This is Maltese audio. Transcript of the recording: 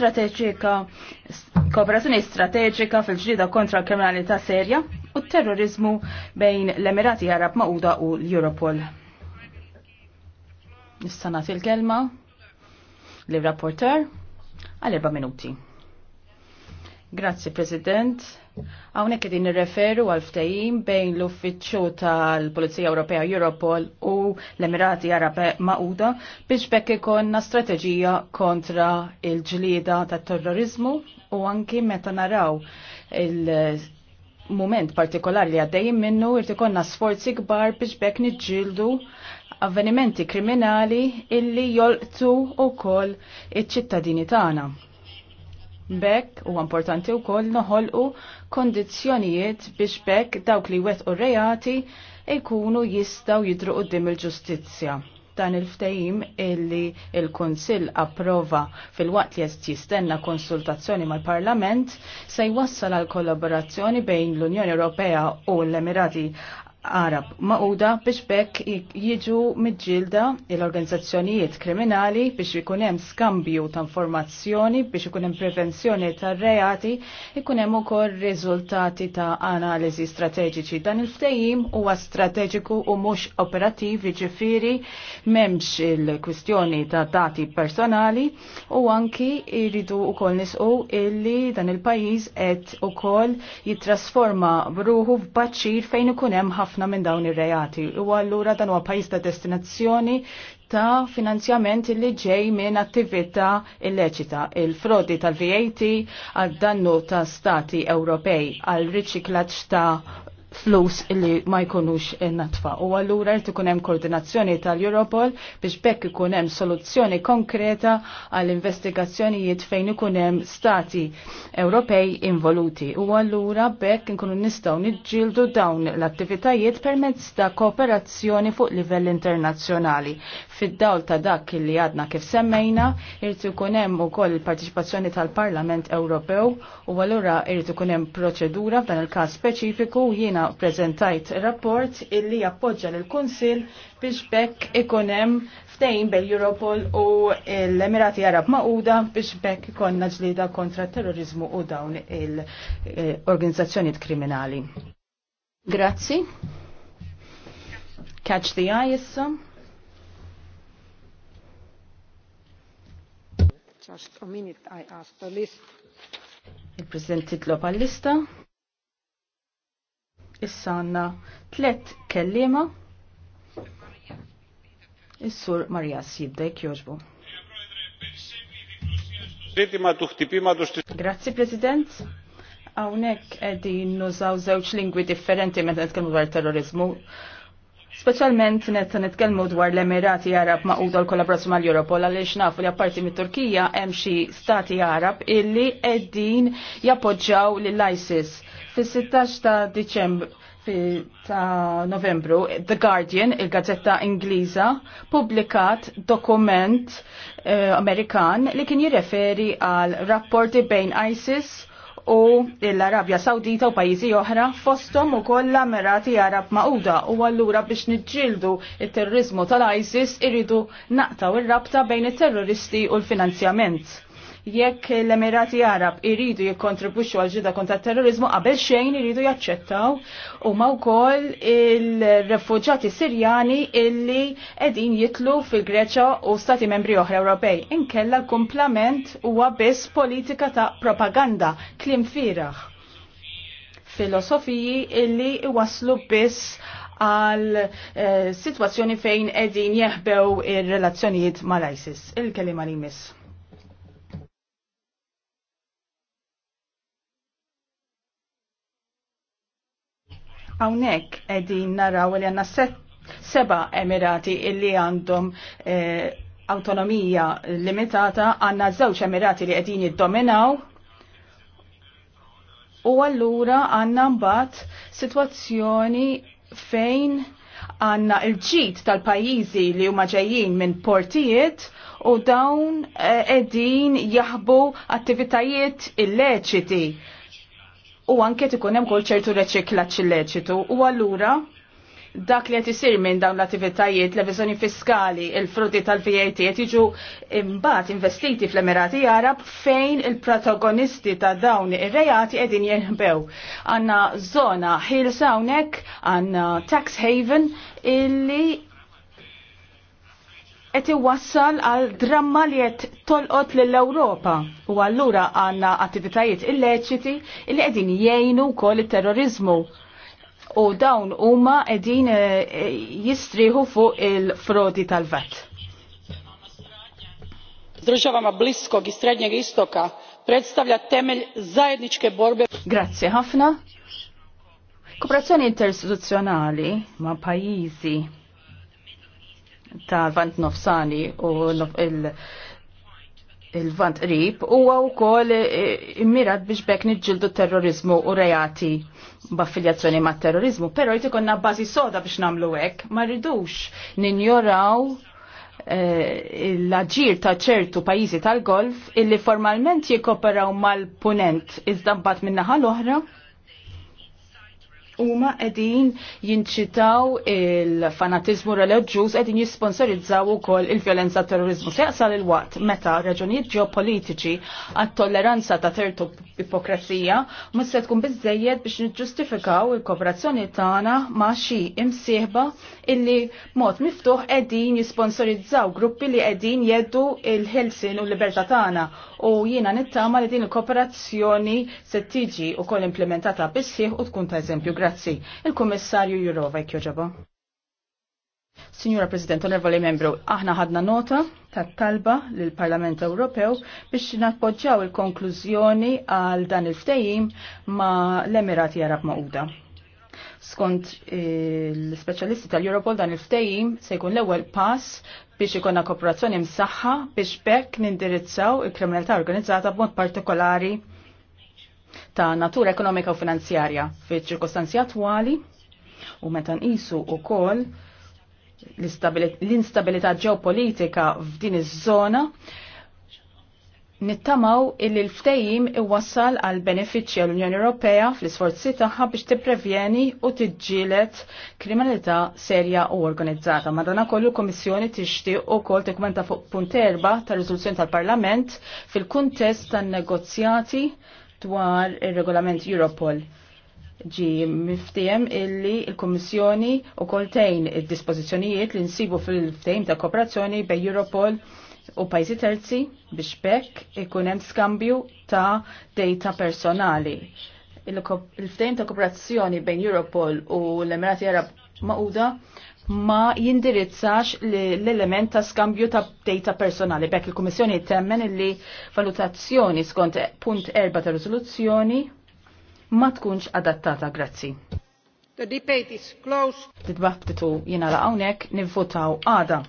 strateġika, kooperazzjoni strateġika fil ġdida kontra kriminalità serja u terrorizmu bejn l-Emirati Arab Mauda u l-Europol. Issa nagħti l-kelma lir rapporter għal erba' minuti. Grazzi, President. Għawnek edin nirreferu għal ftejim bejn l-Uffiċċju tal-Polizija Ewropea Europol u l-Emirati Arab Mauda biex bekk ikonna strateġija kontra il-ġlieda tat-terrorizmu u anki meta naraw il-moment partikolari li għaddejjin minnu irtikonna sforzi kbar biex bekk niġġieldu avvenimenti kriminali illi jolqtu u iċ-ċittadini tagħna. Bekk u importanti wkoll noħolqu kondizzjonijiet biex bekk dawk li wet u rejati ikunu jistaw jidru qudiem il-ġustizzja. Dan il-ftehim illi il-Kunsill approva fil-waqt li jistenna konsultazzjoni mal-Parlament se jwassal għal kollaborazzjoni bejn l-Unjoni Ewropea u l-Emirati Arab maquda biex bekk jiġu mid-ġilda l-organizzazzjonijiet kriminali biex ikun hemm skambju ta' informazzjoni biex ikun hemm prevenzjoni ta' reati ikun hemm ukoll riżultati ta' analiżi strateġiċi. Dan il-ftehim huwa strateġiku u mhux operattiv jiġifieri m'hemmx il-kwistjoni ta' dati personali u anki jridu wkoll nisqu illi dan il-pajjiż qed ukoll jittrasforma ruħu f'baċċir fejn ikun hemm ħafna ħafna minn dawn ir-reati. U allura dan huwa pajjiż ta' destinazzjoni ta' finanzjament li ġej minn attività illeċita, il-frodi tal-VAT għad-dannu ta' stati Ewropej għal riċiklaġġ ta' flus illi ma jkunux natfa. U għallura jt ikun hemm koordinazzjoni tal-Europol biex bekk ikun hemm soluzzjoni konkreta għall investigazzjonijiet fejn ikun hemm stati Ewropej involuti. U għallura bekk inkunu nistgħu niġġieldu dawn l-attivitajiet permezz ta' kooperazzjoni fuq livell internazzjonali. Fid-dawl ta' dak li għadna kif semmejna, irid ikun hemm ukoll il-partiċipazzjoni tal-Parlament Ewropew u allura irid ikun hemm proċedura f'dan il-każ speċifiku jiena jiena prezentajt rapport illi jappoġġa l konsil biex bekk ikonem ftejn bel Europol u l-Emirati Arab Mauda biex bekk ikonna ġlida kontra terrorizmu u dawn il organizzazzjoni kriminali. Grazzi. Catch the eye issa. Just a minute I ask the list. Il-President titlo pal-lista. Issa għanna tlet kellima. Is-sur Marjas jibdejk joġbu. Grazzi, President. Hawnhekk qegħdin nużaw żewġ lingwi differenti meta nitkellmu dwar terrorizmu. Speċjalment netta nitkellmu dwar l-Emirati Arab maquda l-kollaborazzjoni mal europol għaliex nafu li apparti mit-Turkija hemm xi stati Arab illi qegħdin jappoġġjaw lill ISIS Fis-16 ta' Diċembru ta' Novembru, The Guardian, il-gazzetta Ingliża, publikat dokument eh, Amerikan li kien jirreferi għal rapporti bejn ISIS u l-Arabja Sawdita u pajjiżi oħra fostom u l Emirati Arab Mauda u allura biex niġġieldu it-terrorizmu tal-ISIS irridu naqtaw ir-rabta bejn it-terroristi u l-finanzjament jekk l-Emirati Arab iridu jikkontribuxxu għal ġida kontra terrorizmu qabel xejn iridu jaċċettaw huma wkoll il-refuġati Sirjani illi qegħdin jitlu fil-Greċja u stati membri oħra Ewropej. Inkella l-kumplament huwa biss politika ta' propaganda, klim firaħ filosofiji illi waslu biss għal eh, sitwazzjoni situazzjoni fejn edin jeħbew ir-relazzjonijiet mal-ISIS. Il-kelima li miss. Hawnhekk qegħdin naraw li għandna seba emirati illi għandhom eh, autonomija limitata, għandna żewġ emirati li qegħdin jiddominaw u allura għandna mbagħad sitwazzjoni fejn għanna il-ġit tal-pajizi li huma ġejjin minn portijiet u dawn edin eh, jaħbu attivitajiet illeċiti u anke tikun hemm kull ċertu reċiklaċċi illeċitu u allura dak li qed isir minn dawn l-attivitajiet, l-eviżjoni fiskali, il-frutti tal-VAT qed jiġu imbagħad investiti fl-Emirati Arab fejn il-protagonisti ta' dawn ir-reati qegħdin jinħbew. Għandna żona ħilsa hawnhekk għandna tax haven illi qed iwassal għal dramma li qed tolqot lill-Ewropa u allura għandna attivitajiet illeċiti li qegħdin jgħinu wkoll it-terrorizmu. U dawn huma qegħdin eh, jistriħu fuq il-frodi tal-vet. Državama bliskog i srednjeg istoka predstavlja temel zajedničke borbe. Grazie ħafna. Kooperazzjoni interistituzzjonali ma' pajjiżi ta' vant nofsani u il-vant u huwa wkoll e, immirat biex bekk niġġieldu terrorizmu u rejati b'affiljazzjoni ma' terrorizmu, però jrid konna bażi soda biex nagħmlu hekk, ma rridux ninjoraw e, l-aġir ta' ċertu pajjiżi tal-golf illi formalment jikoperaw mal-punent iżda minna min-naħa l-oħra huma qegħdin jinċitaw il-fanatizmu reliġjuż qegħdin jisponsorizzaw ukoll il-vjolenza terrorizmu. Seqsal il-waqt meta raġunijiet ġeopolitiċi għat-tolleranza ta' tertu ipokrazija mhux se tkun biżejjed biex niġġustifikaw il-kooperazzjoni tagħna ma' xi imsieħba illi mod miftuħ qegħdin jisponsorizzaw gruppi li qegħdin jeddu il-ħelsin u l-libertà tagħna u jiena nittama li din il-kooperazzjoni se tiġi ukoll implementata bissieħ u tkun ta' eżempju. Grazzi. Il-Kummissarju Jurova jkjoġaba. Signora President, onorevoli membru, aħna ħadna nota ta' talba l-Parlament Ewropew biex nappoġġaw il-konklużjoni għal dan il-ftejim ma' l-Emirati Arab Mawda. Skont eh, l-speċjalisti tal-Europol dan il-ftejim se jkun l-ewwel pass biex ikonna kooperazzjoni msaħħa biex bekk nindirizzaw il-kriminalità organizzata b'mod partikolari ta' natura ekonomika u finanzjarja fi ċirkostanzi attwali u meta nqisu wkoll l-instabilità ġeopolitika f'din iż-żona nittamaw illi l-ftejim iwassal għal benefiċċji l-Unjoni Ewropea fl-isforzi tagħha biex tipprevjeni u tiġġielet kriminalità serja u organizzata. Madanakollu l-Kummissjoni tixtieq ukoll tikkumenta fuq punt erba' tar-riżoluzzjoni tal-Parlament fil-kuntest tan-negozjati dwar il-regolament Europol ġi miftijem illi il-Kommissjoni u koltejn il-dispozizjonijiet li nsibu fil-ftejm ta' kooperazzjoni bej Europol u pajzi terzi biex bekk ikun hemm skambju ta' data personali. Il-ftejm ta' kooperazzjoni bejn Europol u l-Emirati Arab Mauda ma jindirizzax l-element ta' skambju ta' data personali. Bekk il-Kummissjoni temmen li valutazzjoni skont punt erba ta' risoluzzjoni ma tkunx adattata. Grazzi. The debate is closed. Dibattitu jina la' hawnhekk nivvotaw għada.